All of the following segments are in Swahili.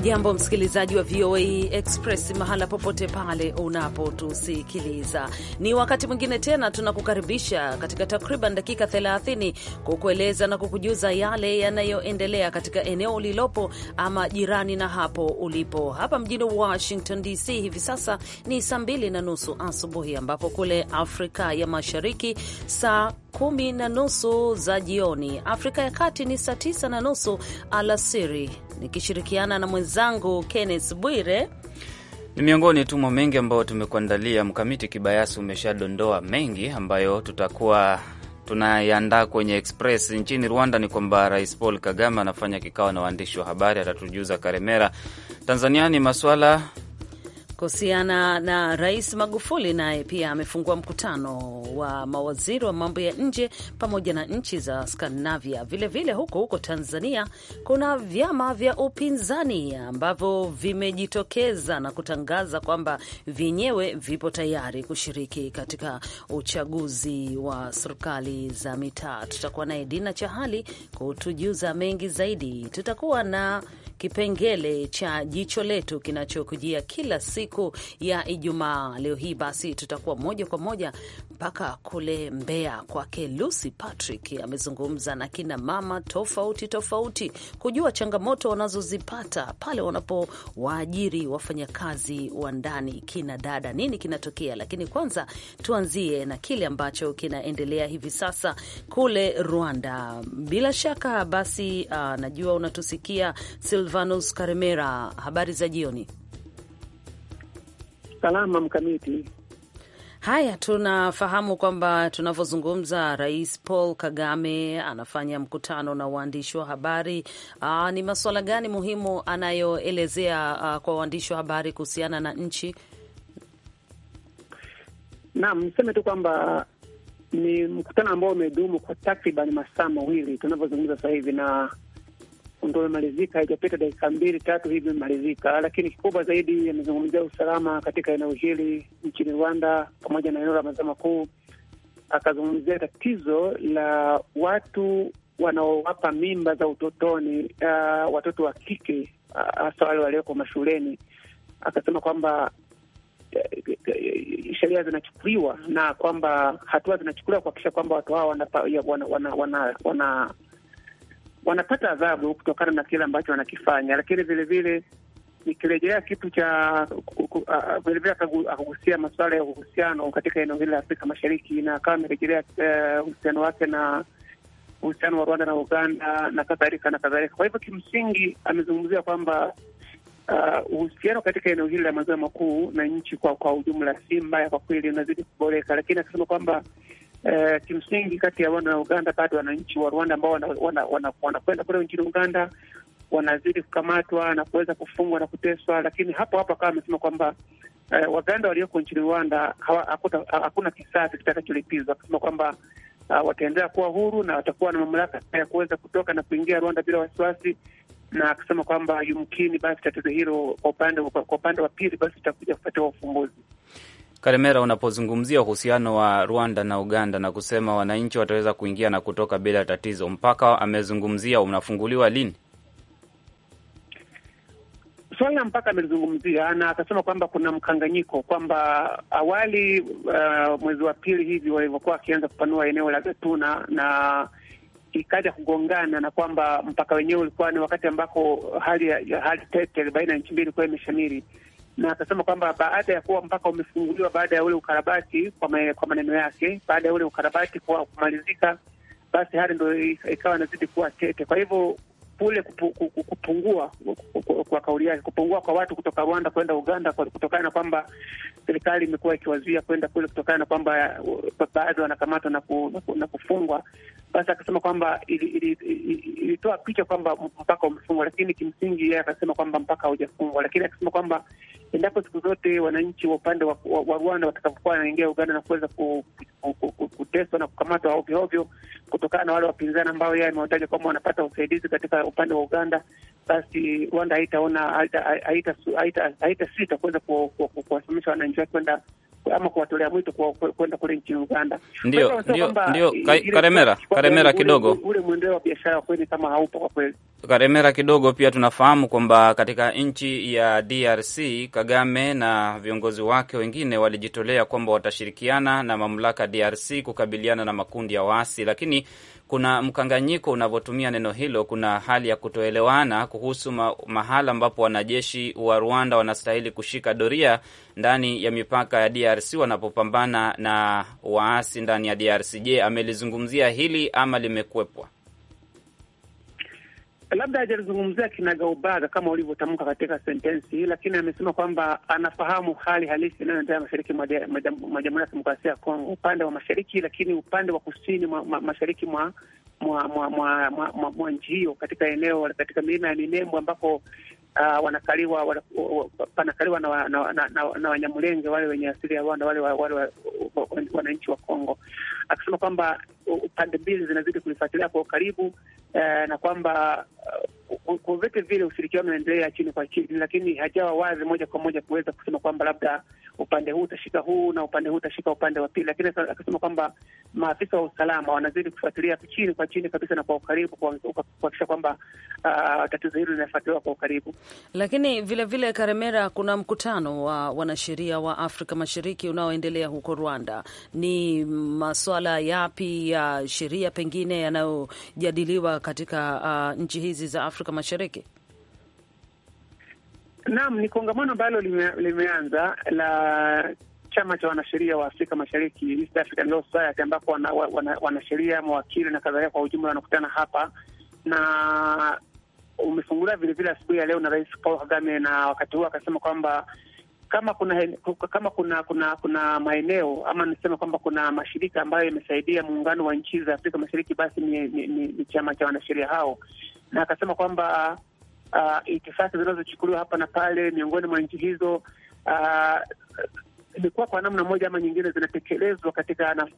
Hujambo msikilizaji wa VOA Express mahala popote pale unapotusikiliza, ni wakati mwingine tena tunakukaribisha katika takriban dakika 30 kukueleza na kukujuza yale yanayoendelea katika eneo ulilopo ama jirani na hapo ulipo. Hapa mjini Washington DC hivi sasa ni saa mbili na nusu asubuhi, ambapo kule Afrika ya Mashariki saa kumi na nusu za jioni, Afrika ya Kati ni saa tisa na nusu alasiri nikishirikiana na mwenzangu Kenneth Bwire. Ni miongoni tu mwa mengi ambayo tumekuandalia. Mkamiti Kibayasi umeshadondoa mengi ambayo tutakuwa tunayandaa kwenye Express. Nchini Rwanda ni kwamba Rais Paul Kagame anafanya kikao na waandishi wa habari, atatujuza Karemera. Tanzania ni maswala Kuhusiana na Rais Magufuli, naye pia amefungua mkutano wa mawaziri wa mambo ya nje pamoja na nchi za Skandinavia. Vilevile huko huko Tanzania kuna vyama vya upinzani ambavyo vimejitokeza na kutangaza kwamba vyenyewe vipo tayari kushiriki katika uchaguzi wa serikali za mitaa. Tutakuwa naye Dina Chahali kutujuza mengi zaidi. Tutakuwa na kipengele cha jicho letu kinachokujia kila siku ya Ijumaa. Leo hii basi tutakuwa moja kwa moja mpaka kule Mbeya kwake Lucy Patrick. Amezungumza na kina mama tofauti tofauti kujua changamoto wanazozipata pale wanapowaajiri wafanyakazi wa ndani, kina dada, nini kinatokea. Lakini kwanza tuanzie na kile ambacho kinaendelea hivi sasa kule Rwanda. Bila shaka basi, uh, najua unatusikia Sil Silvanus Karemera, habari za jioni. Salama mkamiti. Haya, tunafahamu kwamba tunavyozungumza, Rais Paul Kagame anafanya mkutano na waandishi wa habari. Aa, ni masuala gani muhimu anayoelezea uh, kwa waandishi wa habari kuhusiana na nchi? Naam, niseme tu kwamba ni mkutano ambao umedumu kwa takriban masaa mawili tunavyozungumza sasa hivi, na ndo imemalizika, haijapita dakika mbili tatu hivi imemalizika. Lakini kikubwa zaidi amezungumzia usalama katika eneo hili nchini Rwanda pamoja na eneo la maziwa makuu. Akazungumzia tatizo la watu wanaowapa mimba za utotoni uh, watoto wa kike uh, hasa uh, wale walioko mashuleni. Akasema kwamba uh, sheria zinachukuliwa na kwamba hatua zinachukuliwa kuhakikisha kwamba watu hao wana, wana, wana, wana, wana wanapata adhabu kutokana na kile ambacho wanakifanya, lakini vilevile nikirejelea kitu cha vilevile akagusia masuala ya uhusiano katika eneo hili la Afrika Mashariki, na akawa amerejelea eh, uhusiano wake na uhusiano wa Rwanda na Uganda na kadhalika na kadhalika. Kwa hivyo kimsingi amezungumzia kwamba uhusiano uh, katika eneo hili la maziwa makuu na nchi kwa kwa ujumla si mbaya kwa kweli, unazidi kuboreka, lakini akasema kwamba eh, kimsingi kati ya wana Uganda bado wananchi wa Rwanda ambao wanakwenda wana, wana, wana kule nchini Uganda wanazidi kukamatwa na kuweza kufungwa na kuteswa, lakini hapo hapo akawa amesema kwamba eh, Waganda walioko nchini Rwanda hakuna kisasi kitakacholipizwa, akasema kwamba uh, wataendelea kuwa huru na watakuwa na mamlaka ya kuweza kutoka na kuingia Rwanda bila wasiwasi, na akasema kwamba yumkini basi tatizo hilo kwa upande wa pili basi itakuja kupatiwa ufumbuzi. Karemera, unapozungumzia uhusiano wa Rwanda na Uganda na kusema wananchi wataweza kuingia na kutoka bila tatizo, mpaka amezungumzia unafunguliwa lini? Swali la mpaka amelizungumzia na akasema kwamba kuna mkanganyiko, kwamba awali uh, mwezi wa pili hivi walivyokuwa wakianza kupanua eneo la Gatuna na ikaja kugongana na kwamba mpaka wenyewe ulikuwa ni wakati ambako hali ya hali tete baina ya nchi mbili ilikuwa imeshamiri na akasema kwamba baada ya kuwa mpaka umefunguliwa baada ya ule ukarabati, kwa, ma, kwa maneno yake, baada ya ule ukarabati kwa kumalizika, basi hali ndo ikawa inazidi kuwa tete. Kwa hivyo kule kupungua kwa kauli yake, kupungua kwa watu kutoka Rwanda kwenda Uganda kutokana na kwamba serikali imekuwa ikiwazuia kwenda kule kutokana na kwamba uh, baadhi wanakamatwa na, ku, na, ku, na kufungwa. Basi akasema kwamba ilitoa ili, ili, ili picha kwamba mpaka umefungwa, lakini kimsingi yeye akasema kwamba mpaka haujafungwa, lakini akasema kwamba endapo siku zote wananchi wa upande wa, wa Rwanda watakapokuwa wanaingia Uganda na kuweza kuteswa na kukamatwa ovyo ovyo, kutokana na wale wapinzani ambao yeye amewataja kwamba wanapata usaidizi katika upande wa Uganda, basi Rwanda haitaona haita sita kuweza kuwasimamisha wananchi wake kwenda ama kuwatolea mwito kwenda kule nchini Uganda. Ndio, ndio, ndio. Karemera, Karemera kidogo, ule mwendeo wa biashara wa kweli kama haupo kwa kweli. Karemera kidogo, pia tunafahamu kwamba katika nchi ya DRC Kagame na viongozi wake wengine walijitolea kwamba watashirikiana na mamlaka DRC kukabiliana na makundi ya waasi, lakini kuna mkanganyiko unavyotumia neno hilo. Kuna hali ya kutoelewana kuhusu ma mahala ambapo wanajeshi wa Rwanda wanastahili kushika doria ndani ya mipaka ya DRC wanapopambana na waasi ndani ya DRC. Je, amelizungumzia hili ama limekwepwa? labda hajalizungumzia kinagaubaga kama ulivyotamka katika sentensi, lakini amesema kwamba anafahamu hali halisi inayoendelea mashariki mwa Jamhuri ya Kidemokrasia ya Kongo, upande wa mashariki, lakini upande wa kusini ma, ma, mashariki mwa mwa mwa, mwa, mwa, mwa, mwa nchi hiyo, katika eneo katika milima ya minembo ambako Uh, wanakaliwa wana, panakaliwa na, na, na, na, na Wanyamulenge wale wenye asili ya Rwanda wale wananchi wa Kongo, akisema kwamba pande mbili zinazidi kulifuatilia kwa ukaribu eh, na kwamba eh, kwa vyote vile ushirikiano unaendelea chini kwa chini, lakini hajawa wazi moja kwa moja kuweza kusema kwamba labda upande huu utashika huu na upande huu utashika upande wa pili, lakini akasema kwamba maafisa wa usalama wanazidi kufuatilia chini kwa chini kabisa na kwa ukaribu kuhakikisha kwamba uh, tatizo hilo linafuatiliwa kwa ukaribu. Lakini vilevile vile, Karemera, kuna mkutano wa wanasheria wa Afrika Mashariki unaoendelea huko Rwanda. Ni maswala yapi ya ya sheria pengine yanayojadiliwa katika uh, nchi hizi za Afrika Mashariki? Naam, ni kongamano ambalo lime, limeanza la chama cha wanasheria wa Afrika Mashariki, East African Law Society, ambapo wanasheria wana, wana, wana mawakili na kadhalika kwa ujumla wanakutana hapa na umefunguliwa vilevile asubuhi ya leo na Rais Paul Kagame, na wakati huo akasema kwamba kama kuna kama kuna kuna kuna maeneo ama niseme kwamba kuna mashirika ambayo yamesaidia muungano wa nchi za Afrika Mashariki, basi ni, ni, ni, ni chama cha wanasheria hao, na akasema kwamba uh, itifaki zinazochukuliwa hapa na pale miongoni mwa nchi hizo imekuwa uh, kwa namna moja ama nyingine zinatekelezwa katika na,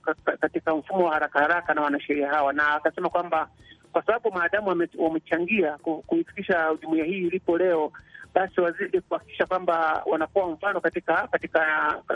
katika mfumo wa haraka haraka na wanasheria hawa, na akasema kwamba kwa sababu maadamu wamechangia kuifikisha jumuiya hii ilipo leo basi wazidi kuhakikisha kwamba wanakuwa mfano katika katika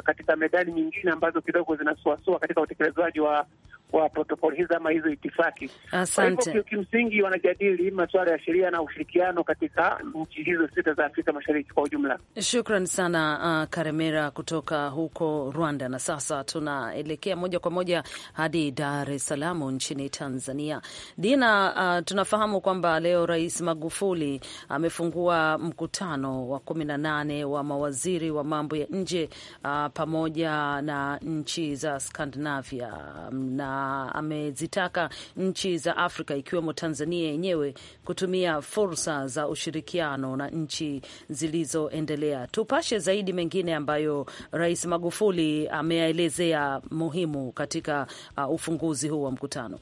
katika medani nyingine ambazo kidogo zinasuasua katika utekelezaji wa wa protokoli hizi ama hizo itifaki. Asante. Kwa hivyo kimsingi wanajadili masuala ya sheria na ushirikiano katika nchi hizo sita za Afrika Mashariki kwa ujumla. Shukran sana uh, Karemera kutoka huko Rwanda. Na sasa tunaelekea moja kwa moja hadi Dar es Salaam nchini Tanzania. Dina, uh, tunafahamu kwamba leo Rais Magufuli amefungua mkutano wa kumi na nane wa mawaziri wa mambo ya nje uh, pamoja na nchi za Skandinavia na amezitaka nchi za Afrika ikiwemo Tanzania yenyewe kutumia fursa za ushirikiano na nchi zilizoendelea. Tupashe zaidi mengine ambayo Rais Magufuli ameyaelezea muhimu katika uh, ufunguzi huu wa mkutano.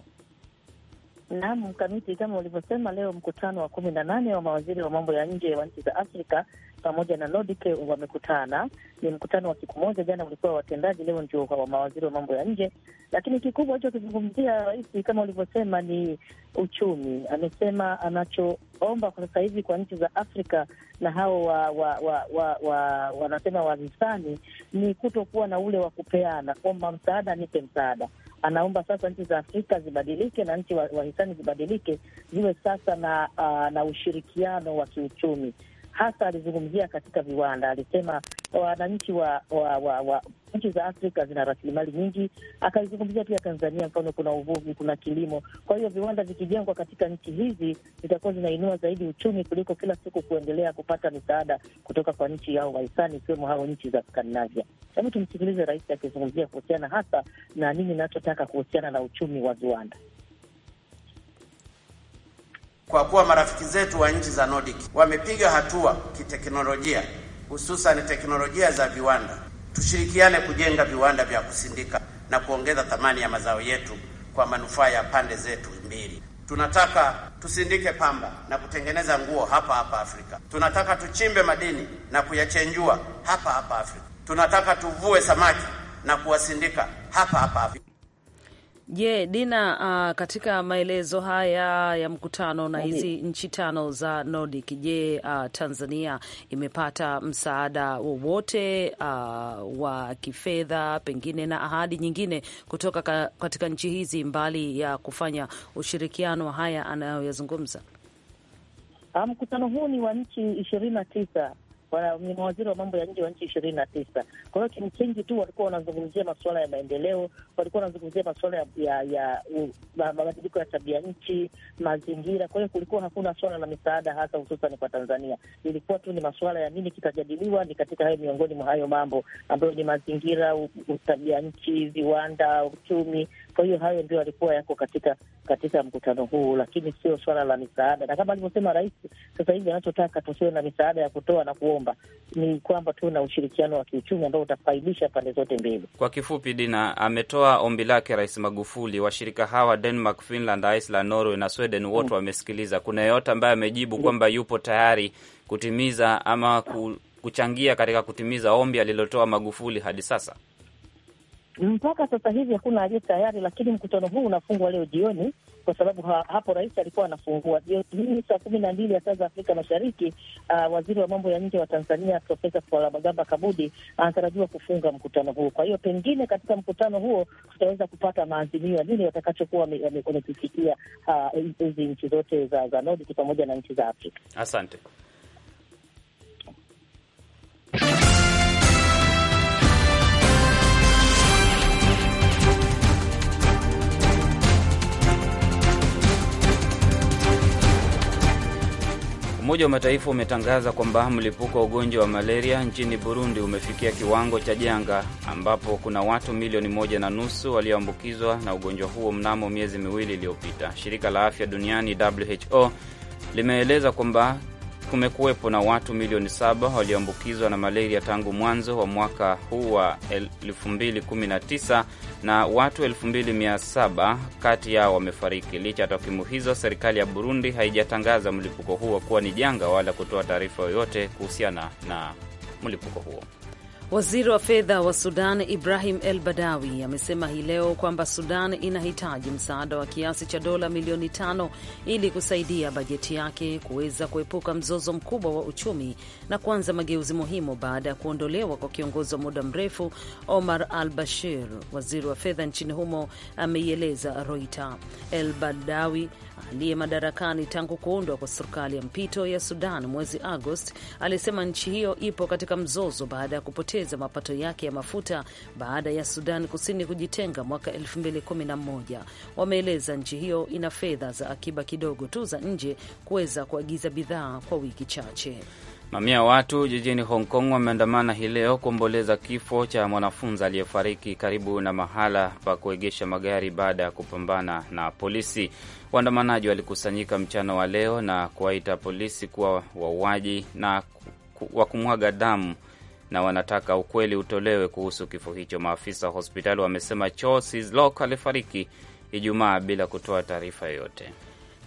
Naam, Mkamiti, kama ulivyosema, leo mkutano wa kumi na nane wa mawaziri wa mambo ya nje wa nchi za Afrika pamoja na Nordike wamekutana. Ni mkutano wa siku moja, jana ulikuwa watendaji, leo ndio wa mawaziri wa mambo ya nje. Lakini kikubwa hicho kizungumzia rais, kama ulivyosema, ni uchumi. Amesema anachoomba kwa sasa hivi kwa nchi za Afrika na hao wa wanasema wa, wa, wa, wanasema wahisani ni kutokuwa na ule wa kupeana, omba msaada, nipe msaada anaomba sasa nchi za Afrika zibadilike na nchi wahisani wa zibadilike ziwe sasa na, uh, na ushirikiano wa kiuchumi hasa alizungumzia katika viwanda. Alisema wananchi wa, wa, wa, wa nchi za Afrika zina rasilimali nyingi. akaizungumzia pia Tanzania, mfano kuna uvuvi, kuna kilimo. Kwa hiyo viwanda vikijengwa katika nchi hizi zitakuwa zinainua zaidi uchumi kuliko kila siku kuendelea kupata misaada kutoka kwa nchi yao wahisani, ikiwemo hao nchi za Skandinavia. Hebu tumsikilize Rais akizungumzia kuhusiana hasa na nini inachotaka kuhusiana na uchumi wa viwanda kwa kuwa marafiki zetu wa nchi za Nordic wamepiga hatua kiteknolojia, hususan teknolojia za viwanda. Tushirikiane kujenga viwanda vya kusindika na kuongeza thamani ya mazao yetu kwa manufaa ya pande zetu mbili. Tunataka tusindike pamba na kutengeneza nguo hapa hapa Afrika. Tunataka tuchimbe madini na kuyachenjua hapa hapa Afrika. Tunataka tuvue samaki na kuwasindika hapa hapa Afrika. Je, yeah, Dina, uh, katika maelezo haya ya mkutano na yaani hizi nchi tano za Nordic, je, uh, Tanzania imepata msaada wowote uh, wa kifedha pengine na ahadi nyingine kutoka ka, katika nchi hizi mbali ya kufanya ushirikiano haya anayoyazungumza? Mkutano um, huu ni wa nchi ishirini na tisa ni mawaziri wa mambo ya nje wa nchi ishirini na tisa. Kwa hiyo kimsingi tu walikuwa wanazungumzia masuala ya maendeleo, walikuwa wanazungumzia masuala ya ya, ya mabadiliko ya tabia nchi, mazingira. Kwa hiyo kulikuwa hakuna swala la misaada hasa hususan kwa Tanzania, ilikuwa tu ni masuala ya nini kitajadiliwa, ni katika hayo miongoni mwa hayo mambo ambayo ni mazingira, tabia nchi, viwanda, uchumi kwa hiyo hayo ndio yalikuwa yako katika katika mkutano huu, lakini sio swala la misaada. Na kama alivyosema rais, sasa hivi anachotaka tusiwe na misaada ya kutoa na kuomba, ni kwamba tuwe na ushirikiano wa kiuchumi ambao utafaidisha pande zote mbili. Kwa kifupi, Dina ametoa ombi lake Rais Magufuli. Washirika hawa Denmark, Finland, Iceland, Norway na Sweden wote mm, wamesikiliza. Kuna yeyote ambaye amejibu mm. kwamba yupo tayari kutimiza ama kuchangia katika kutimiza ombi alilotoa Magufuli hadi sasa? Mpaka sasa hivi hakuna aliye tayari, lakini mkutano huu unafungwa leo jioni kwa sababu ha, hapo rais alikuwa anafungua jioni saa kumi na mbili ya saa za Afrika Mashariki. Uh, waziri wa mambo ya nje wa Tanzania Profesa Palamagamba Kabudi anatarajiwa kufunga mkutano huo. Kwa hiyo pengine katika mkutano huo tutaweza kupata maazimio ya nini watakachokuwa wamekifikia ah, hizi uh, nchi zote za, za Nordic pamoja na nchi za Afrika. Asante. Umoja wa Mataifa umetangaza kwamba mlipuko wa ugonjwa wa malaria nchini Burundi umefikia kiwango cha janga, ambapo kuna watu milioni moja na nusu walioambukizwa na ugonjwa huo mnamo miezi miwili iliyopita. Shirika la Afya Duniani, WHO, limeeleza kwamba kumekuwepo na watu milioni saba walioambukizwa na malaria tangu mwanzo wa mwaka huu wa 2019 na watu 2700 kati yao wamefariki. Licha ya takwimu hizo, serikali ya Burundi haijatangaza mlipuko huo kuwa ni janga wala kutoa taarifa yoyote kuhusiana na mlipuko huo. Waziri wa fedha wa Sudan Ibrahim El Badawi amesema hii leo kwamba Sudan inahitaji msaada wa kiasi cha dola milioni tano ili kusaidia bajeti yake kuweza kuepuka mzozo mkubwa wa uchumi na kuanza mageuzi muhimu baada ya kuondolewa kwa kiongozi wa muda mrefu Omar Al Bashir. Waziri wa fedha nchini humo ameieleza roita El Badawi aliye madarakani tangu kuundwa kwa serikali ya mpito ya Sudan mwezi Agosti alisema nchi hiyo ipo katika mzozo baada ya kupoteza mapato yake ya mafuta baada ya Sudan Kusini kujitenga mwaka 2011. Wameeleza nchi hiyo ina fedha za akiba kidogo tu za nje kuweza kuagiza bidhaa kwa wiki chache. Mamia watu jijini Hong Kong wameandamana hii leo kuomboleza kifo cha mwanafunzi aliyefariki karibu na mahala pa kuegesha magari baada ya kupambana na polisi. Waandamanaji walikusanyika mchana wa leo na kuwaita polisi kuwa wauaji na wa kumwaga damu na wanataka ukweli utolewe kuhusu kifo hicho. Maafisa wa hospitali wamesema Cho alifariki Ijumaa bila kutoa taarifa yoyote.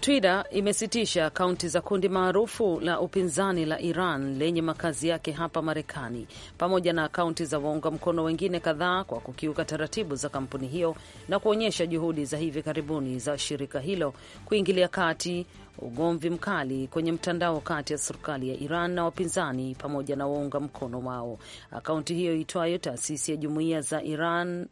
Twitter imesitisha akaunti za kundi maarufu la upinzani la Iran lenye makazi yake hapa Marekani pamoja na akaunti za waunga mkono wengine kadhaa kwa kukiuka taratibu za kampuni hiyo na kuonyesha juhudi za hivi karibuni za shirika hilo kuingilia kati ugomvi mkali kwenye mtandao kati ya serikali ya Iran na wapinzani pamoja na waunga mkono wao. Akaunti hiyo itwayo Taasisi ya Jumuiya za Iran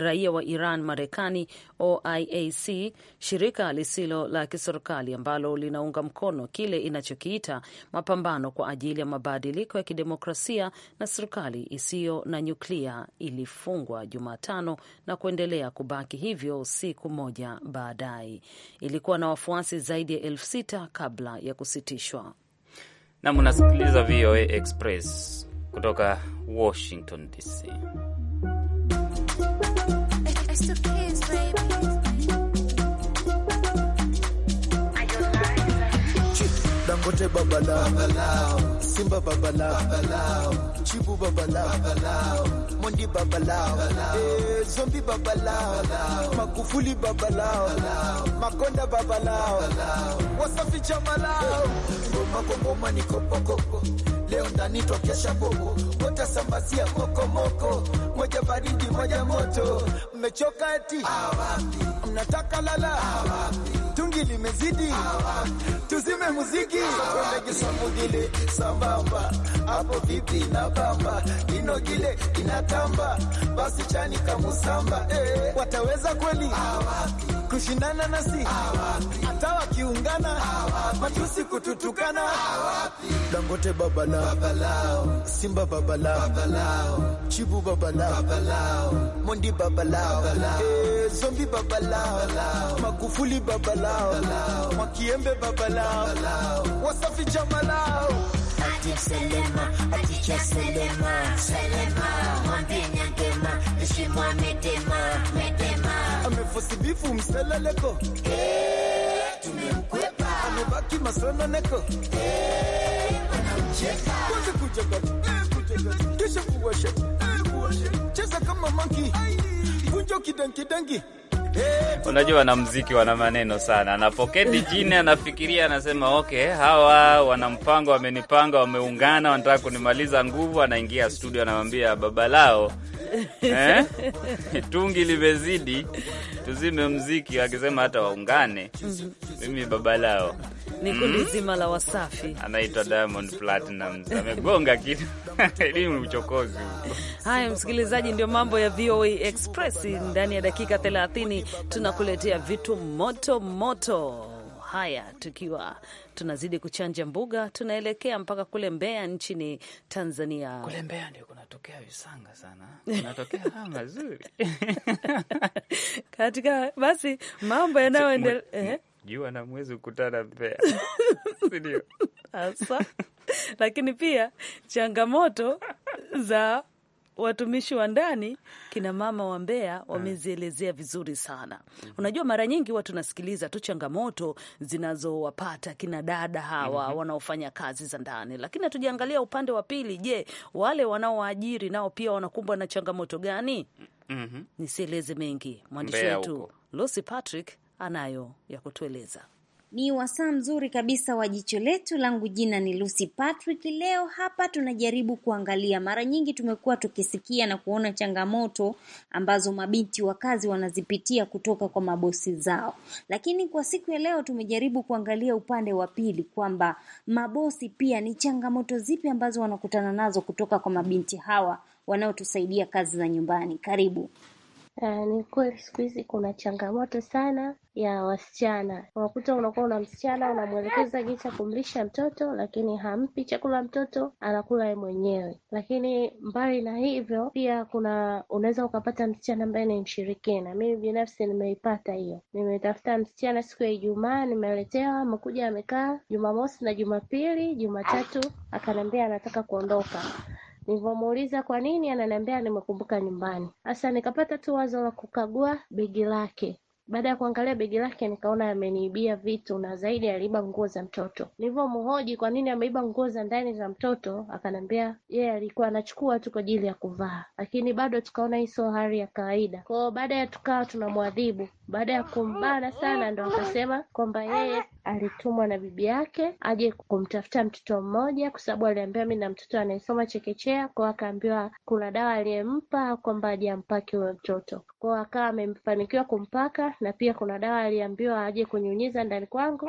raia wa Iran Marekani, OIAC, shirika lisilo la kiserikali ambalo linaunga mkono kile inachokiita mapambano kwa ajili ya mabadiliko ya kidemokrasia na serikali isiyo na nyuklia, ilifungwa Jumatano na kuendelea kubaki hivyo siku moja baadaye. Ilikuwa na wafuasi zaidi ya elfu sita kabla ya kusitishwa. Nam, unasikiliza VOA Express kutoka Washington DC. Tunde babalao, babalao. Simba babalao, babalao. Chibu babalao, babalao. Mondi babalao, babalao. Eh, Zombi babalao, babalao. Magufuli babalao, babalao. Makonda babalao, babalao. Wasafi chamalao. Ngoma ngoma ni kopoko. leo ndanitwa kesha bobo, watasambazia mokomoko, moja baridi moja moto. Mmechoka eti Mnataka lala Tungi limezidi tuzime muziki alegsamugile sambamba hapo vipi na bamba gile inatamba basi chani kamusamba eh. Wataweza kweli kushindana nasi hata wakiungana matusi kututukana Dangote baba Babala, Babalao, Simba Babalao, Babalao, Chibu Babalao, Babalao, Mondi Babalao, Zombi Babalao, Magufuli Babalao, Mwakiembe Babalao, Babalao, Wasafi Jamalao, Ajib Selema, Ajicha Selema, Selema, Mwambie Nyangema, Heshima Medema, Medema. Amefosibifu mseleleko. Eh, tumemkwepa. Amebaki masononeko. Eh, Eh, kisha na eh, mziki eh, Unajua wana maneno sana. Anapoketi chini anafikiria, anasema okay, hawa wana mpango, wamenipanga, wameungana, wanataka kunimaliza nguvu. Anaingia studio, anamwambia baba lao eh, tungi limezidi, tuzime mziki akisema hata waungane, mhm. mimi baba lao ni kundi mhm. zima la Wasafi, anaitwa Diamond Platnumz amegonga kitu elimu uchokozi. Haya msikilizaji, ndio mambo ya VOA Express. Ndani ya dakika 30 tunakuletea vitu moto moto. Haya, tukiwa tunazidi kuchanja mbuga, tunaelekea mpaka kule Mbeya nchini Tanzania. Kule Mbeya ndio kunatokea visanga sana, kunatokea haya mazuri katika basi mambo yanayoendelea eh? jua na mwezi ukutana mbea, sindio? Hasa lakini pia changamoto za watumishi wa ndani, kina mama wa Mbeya eh. wamezielezea vizuri sana. Mhm. Unajua, mara nyingi huwa tunasikiliza tu changamoto zinazowapata kina dada hawa mhm. wanaofanya kazi za ndani, lakini hatujaangalia upande wa pili. Je, wale wanaowaajiri nao pia wanakumbwa na changamoto gani? Mhm. Nisieleze mengi, mwandishi wetu Lucy Patrick anayo ya kutueleza. Ni wasaa mzuri kabisa wa jicho letu. Langu jina ni Lucy Patrick. Leo hapa tunajaribu kuangalia, mara nyingi tumekuwa tukisikia na kuona changamoto ambazo mabinti wa kazi wanazipitia kutoka kwa mabosi zao, lakini kwa siku ya leo tumejaribu kuangalia upande wa pili, kwamba mabosi pia ni changamoto zipi ambazo wanakutana nazo kutoka kwa mabinti hawa wanaotusaidia kazi za nyumbani. Karibu. Eh, ni kweli siku hizi kuna changamoto sana ya wasichana, unakuta unakuwa na msichana unamwelekeza jinsi ya kumlisha mtoto, lakini hampi chakula mtoto, anakula yeye mwenyewe. Lakini mbali na hivyo, pia kuna unaweza ukapata msichana ambaye ni mshirikina. Mimi binafsi nimeipata hiyo, nimetafuta msichana siku ya Ijumaa, nimeletewa, amekuja amekaa Jumamosi na Jumapili, Jumatatu akaniambia anataka kuondoka Nilivyomuuliza kwa nini ananiambia nimekumbuka nyumbani. Hasa nikapata tu wazo la kukagua begi lake baada ya kuangalia begi lake nikaona ameniibia vitu na zaidi aliiba nguo za mtoto. Nilivyomhoji kwa nini ameiba nguo za ndani za mtoto, akanambia yeye yeah, alikuwa anachukua tu kwa ajili ya kuvaa, lakini bado tukaona hii sio hali ya kawaida kwao. Baada ya tukawa tunamwadhibu, baada ya kumbana sana, ndo akasema kwamba yeye alitumwa na bibi yake aje kumtafuta mtoto mmoja, kwa sababu aliambiwa mi na mtoto anayesoma chekechea kwao, akaambiwa kuna dawa aliyempa kwamba aje ampake huyo mtoto kwao, akawa amefanikiwa kumpaka na pia kuna dawa aliambiwa aje kunyunyiza ndani kwangu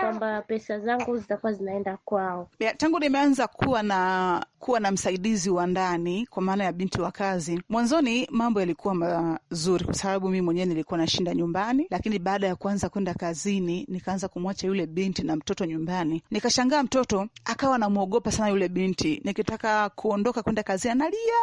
kwamba pesa zangu zitakuwa zinaenda kwao. Yeah, tangu nimeanza kuwa na kuwa na msaidizi wa ndani kwa maana ya binti wa kazi, mwanzoni mambo yalikuwa mazuri kwa sababu mimi mwenyewe nilikuwa nashinda nyumbani, lakini baada ya kuanza kwenda kazini nikaanza kumwacha yule binti na mtoto nyumbani. Nikashangaa mtoto akawa namwogopa sana yule binti, nikitaka kuondoka kwenda kazini analia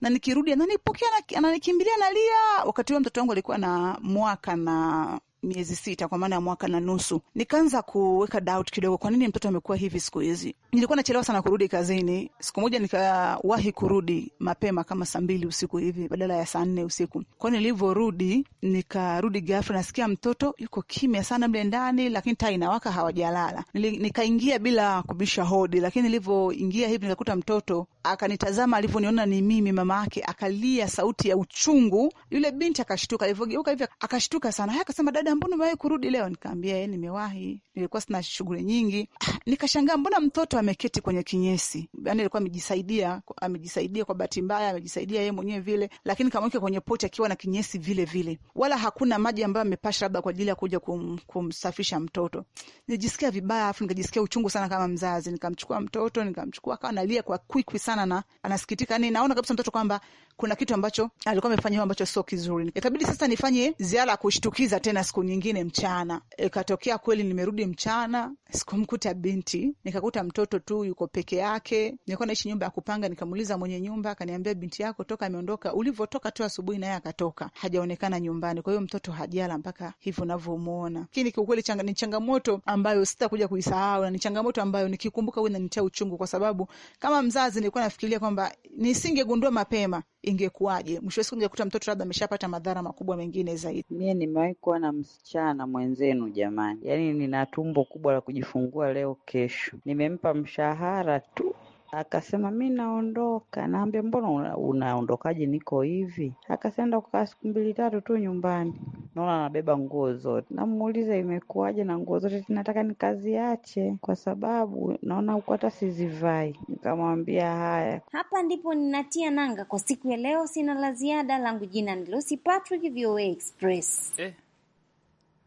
na nikirudi ananipokea, ananikimbilia, nalia. Wakati huo mtoto wangu alikuwa na mwaka na miezi sita kwa maana ya mwaka na nusu, nikaanza kuweka doubt kidogo, kwa nini mtoto amekuwa hivi siku hizi? Nilikuwa nachelewa sana kurudi kazini. Siku moja nikawahi kurudi mapema kama saa mbili usiku hivi badala ya saa nne usiku. Kwa nilivyorudi, nikarudi ghafla, nasikia mtoto yuko kimya sana mle ndani, lakini taa inawaka, hawajalala. Nikaingia bila kubisha hodi, lakini nilivyoingia hivi nikakuta mtoto akanitazama, alivyoniona ni mimi mama yake akalia sauti ya uchungu. Yule binti akashtuka, alivyogeuka hivi akashtuka sana, akasema dada dada, mbona umewahi kurudi leo? Nikaambia e, eh, nimewahi, nilikuwa sina shughuli nyingi. Nikashangaa, mbona mtoto ameketi kwenye kinyesi? Yani alikuwa amejisaidia, amejisaidia kwa bahati mbaya, amejisaidia yeye mwenyewe vile, lakini kamweke kwenye poti akiwa na kinyesi vile vile, wala hakuna maji ambayo amepasha labda kwa ajili ya kuja kum, kumsafisha mtoto. Nijisikia vibaya, afu nikajisikia uchungu sana kama mzazi. Nikamchukua mtoto, nikamchukua akawa analia kwa kwikwi sana, na anasikitika, yani naona kabisa mtoto kwamba kuna kitu ambacho alikuwa amefanya ambacho sio kizuri. Ikabidi sasa nifanye ziara ya kushtukiza tena siku nyingine mchana. Ikatokea kweli, nimerudi mchana, sikumkuta binti, nikakuta mtoto tu yuko peke yake. Nilikuwa naishi nyumba ya kupanga, nikamuuliza mwenye nyumba, akaniambia binti yako toka ameondoka, ulivyotoka tu asubuhi naye akatoka, hajaonekana nyumbani. Kwa hiyo mtoto hajala mpaka hivyo unavyomwona. Lakini kiukweli changa, ni changamoto ambayo sitakuja kuisahau, na ni changamoto ambayo nikikumbuka huwa inanitia uchungu, kwa sababu kama mzazi nilikuwa nafikiria kwamba nisingegundua mapema ingekuwaje? Mwisho wa siku ningekuta mtoto labda ameshapata madhara makubwa mengine zaidi. Mie nimewahi kuwa na msichana mwenzenu, jamani, yaani nina tumbo kubwa la kujifungua leo kesho, nimempa mshahara tu Akasema mi naondoka. Naambia mbona unaondokaje? Una niko hivi. Akasenda kukaa siku mbili tatu tu nyumbani, naona anabeba nguo zote. Namuuliza, imekuwaje na nguo zote? kazi nikaziache kwa sababu naona huku hata sizivai. Nikamwambia haya. Hapa ndipo ninatia nanga kwa siku ya leo, sina la ziada. Langu jina ni Lucy Patrick, VOA Express. Eh,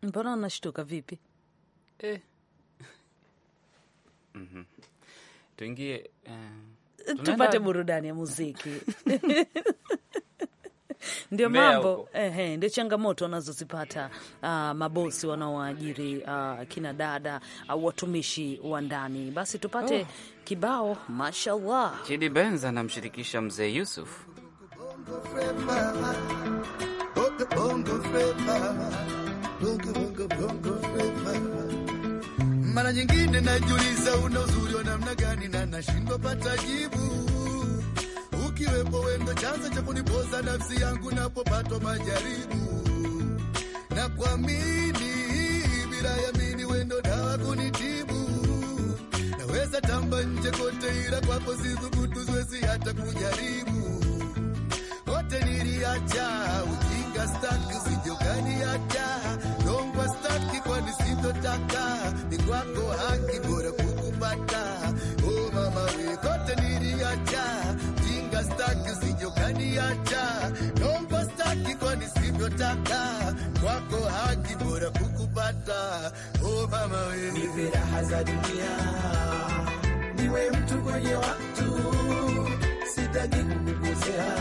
mbona unashtuka vipi? Eh. mm -hmm. Tuingie uh, tupate burudani ya muziki ndio mambo eh, ndio changamoto wanazozipata uh, mabosi wanaoajiri uh, ah, kina dada au uh, watumishi wa ndani. Basi tupate oh, kibao mashallah. Chidi Benza anamshirikisha mzee Yusuf mara nyingine najiuliza una uzuri wa namna gani na nashindwa pata jibu ukiwepo wendo chanzo cha kunipoza nafsi yangu napopatwa majaribu na kuamini bila yamini wendo dawa kunitibu naweza tamba nje kote ila kwako sidhubutu siwezi hata kujaribu kote niliacha ujinga staki sijokani hata longwa staki kwani sitotaka ni kwako haki bora kukupata o oh mama we kote niliacha staki sijokaniacha, nomba staki kwa nisivyotaka, kwako haki bora kukupata. O oh, mama we, nipe raha za dunia, niwe mtu kwenye watu, sitaki kukukosea,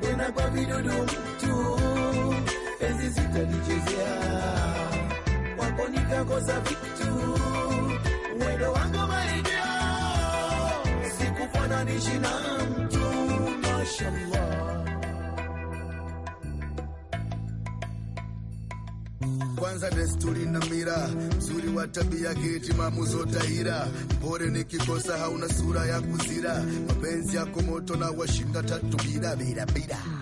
kwenda kwa vidudu mtu, penzi sitalichezea, kwako nikakosa vitu Kwanza desturi na mira mzuri wa tabia kiti mamuzo taira pore nikikosa hauna sura ya kuzira mapenzi yako moto na washinda tatu bila bila bila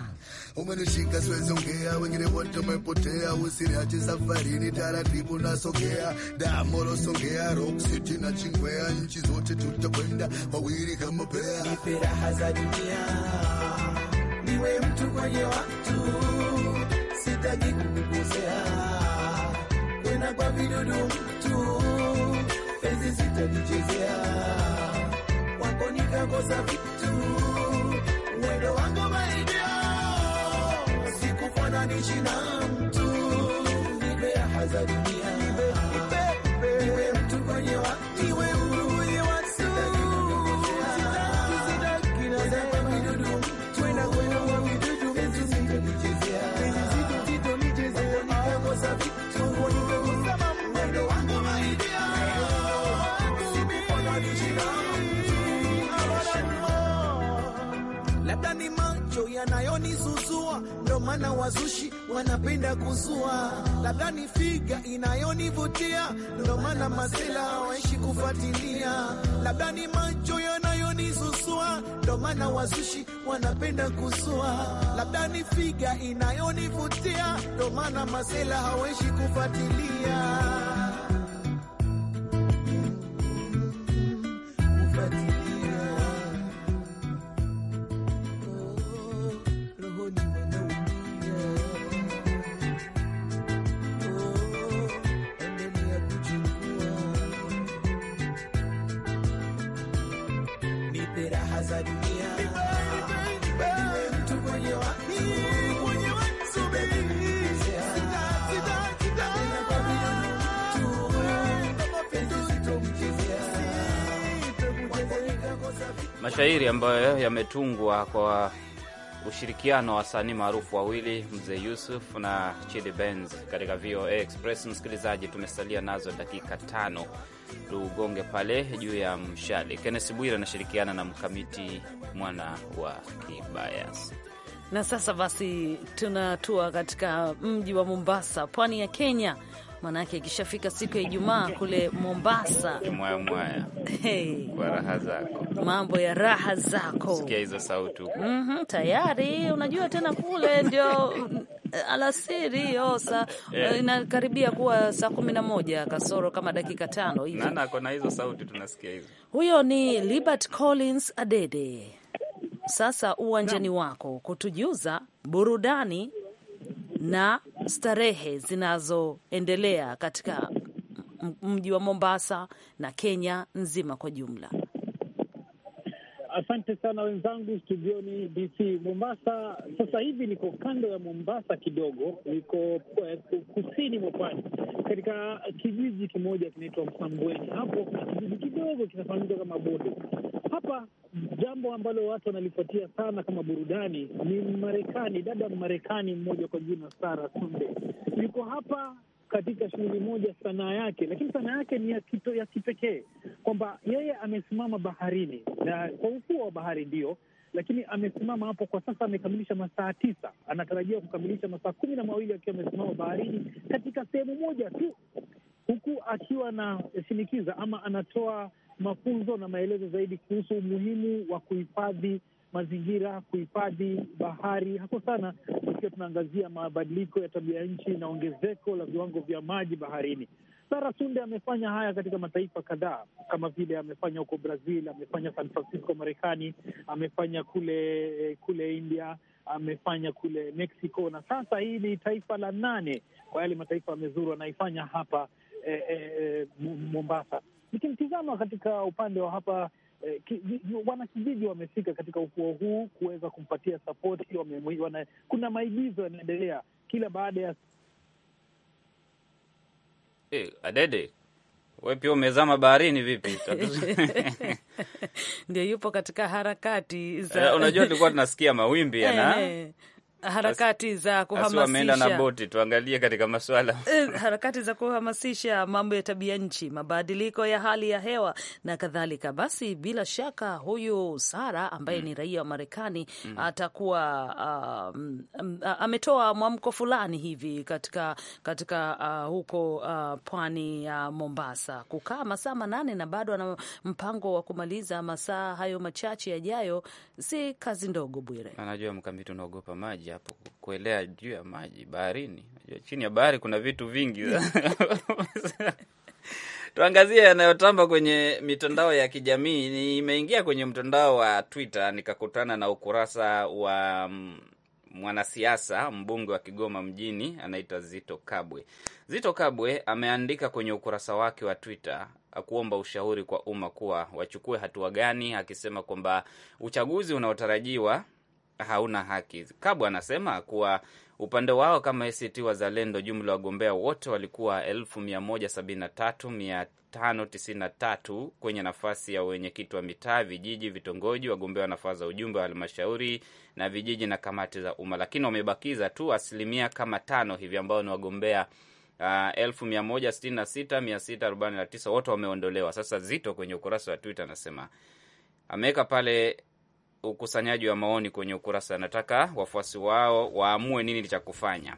umenishika siwezi ongea, wengine wote umepotea, usiniache safarini, taratibu nasogea, Damolo Songea, Rock City na Chingwea, nchi zote tutakwenda wawili kama pea, nipe raha za dunia, niwe mtu kwenye watu, sitaki kukukosea, kwenda kwa vidudu mtu, pezi sitakichezea, wako nikakosa vitu yanayonizuzua, ndo maana wazushi wanapenda kuzua. Labda ni figa inayonivutia, ndo maana masela waishi kufuatilia. Labda ni macho yanayonizuzua, ndo maana wazushi wanapenda kuzua. Labda ni figa inayonivutia, ndo maana masela hawaishi kufuatilia. za dunia mashairi ambayo yametungwa kwa ushirikiano wa wasanii maarufu wawili Mzee Yusuf na Chili Benz katika VOA Express. Msikilizaji, tumesalia nazo dakika tano tugonge pale juu ya mshale. Kennes Bwire anashirikiana na Mkamiti mwana wa Kibayasi. Na sasa basi, tunatua katika mji wa Mombasa, pwani ya Kenya. Manake ikishafika siku ya Ijumaa kule Mombasa, mwaya mwaya. Hey, kwa raha zako, mambo ya raha zako, sikia hizo sauti huko. Mm -hmm, tayari unajua tena kule ndio alasiri oh, saa yeah. Inakaribia kuwa saa kumi na moja kasoro kama dakika tano hivi. Nana na hizo sauti tunasikia hivi. Huyo ni Libert Collins Adede. Sasa uwanjani wako kutujuza burudani na starehe zinazoendelea katika mji wa Mombasa na Kenya nzima kwa jumla. Asante sana wenzangu studioni DC Mombasa. Sasa hivi niko kando ya Mombasa kidogo, niko eh, kusini mwa pwani, katika kijiji kimoja kinaitwa Msambweni. Hapo kuna kijiji kidogo kinafahamika kama Bodo. Hapa jambo ambalo watu wanalifuatia sana kama burudani ni Marekani, dada Mmarekani mmoja kwa jina Sara Sunde yuko hapa katika shughuli moja sanaa yake, lakini sanaa yake ni ya, ya kipekee kwamba yeye amesimama baharini na kwa ufuo wa bahari ndio, lakini amesimama hapo kwa sasa, amekamilisha masaa tisa, anatarajia kukamilisha masaa kumi na mawili akiwa amesimama baharini katika sehemu moja tu, huku akiwa anashinikiza ama anatoa mafunzo na maelezo zaidi kuhusu umuhimu wa kuhifadhi mazingira, kuhifadhi bahari, hasa sana tukiwa tunaangazia mabadiliko ya tabia nchi na ongezeko la viwango vya maji baharini. Sara Sunde amefanya haya katika mataifa kadhaa kama vile amefanya huko Brazil, amefanya San Francisco Marekani, amefanya kule kule India, amefanya kule Mexico, na sasa hii ni taifa la nane kwa yale mataifa amezuru, anaifanya hapa eh, eh, eh, Mombasa. Nikimtizama katika upande wa hapa Eh, wanakijiji wamefika katika ukuo huu kuweza kumpatia sapoti. Kuna maigizo yanaendelea kila baada ya hey, eh, Adede we pia umezama baharini vipi? Ndio, yupo katika harakati za... Uh, unajua tulikuwa tunasikia mawimbi yana harakati za kuhamasisha na boti, tuangalie katika masuala eh, harakati za kuhamasisha mambo ya tabia nchi, mabadiliko ya hali ya hewa na kadhalika. Basi bila shaka huyu Sara ambaye mm. ni raia wa Marekani mm. atakuwa uh, ametoa mwamko fulani hivi katika, katika uh, huko uh, pwani ya uh, Mombasa kukaa masaa manane na bado ana mpango wa kumaliza masaa hayo machache yajayo. Si kazi ndogo, Bwire anajua unaogopa maji maji hapo, kuelea juu ya maji baharini. Najua chini ya bahari kuna vitu vingi Tuangazie yanayotamba kwenye mitandao ya kijamii. Nimeingia kwenye mtandao wa Twitter nikakutana na ukurasa wa mm, mwanasiasa mbunge wa Kigoma mjini anaitwa Zito Kabwe. Zito Kabwe ameandika kwenye ukurasa wake wa Twitter akuomba ushauri kwa umma kuwa wachukue hatua gani, akisema kwamba uchaguzi unaotarajiwa hauna haki. kabw anasema kuwa upande wao kama ACT Wazalendo, jumla wagombea wote walikuwa 173593 kwenye nafasi ya wenyekiti wa mitaa, vijiji, vitongoji, wagombea wa nafasi za ujumbe wa halmashauri na vijiji na kamati za umma, lakini wamebakiza tu asilimia kama tano hivi ambao ni wagombea Uh, tisa wote wameondolewa. Sasa Zito kwenye ukurasa wa Twitter anasema ameweka pale ukusanyaji wa maoni kwenye ukurasa, anataka wafuasi wao waamue nini cha kufanya.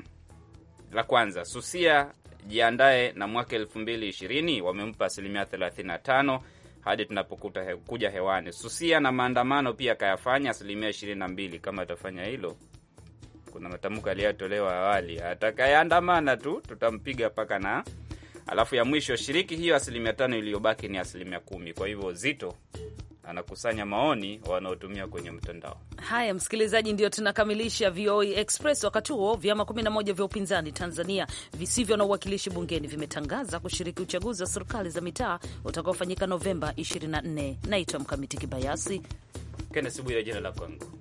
La kwanza, susia jiandae na mwaka elfu mbili ishirini, wamempa asilimia thelathini na tano hadi tunapokuta he, kuja hewani. Susia na maandamano pia akayafanya asilimia ishirini na mbili. Kama atafanya hilo, kuna matamko aliyotolewa awali, atakayeandamana tu tutampiga mpaka na alafu ya mwisho, shiriki hiyo asilimia tano iliyobaki ni asilimia kumi. Kwa hivyo zito anakusanya maoni wanaotumia kwenye mtandao. Haya, msikilizaji, ndio tunakamilisha VOA e Express. Wakati huo vyama 11 vya upinzani Tanzania visivyo na uwakilishi bungeni vimetangaza kushiriki uchaguzi wa serikali za mitaa utakaofanyika Novemba 24. Naitwa Mkamiti Kibayasi. Kenesi Bwire jina la kwangu.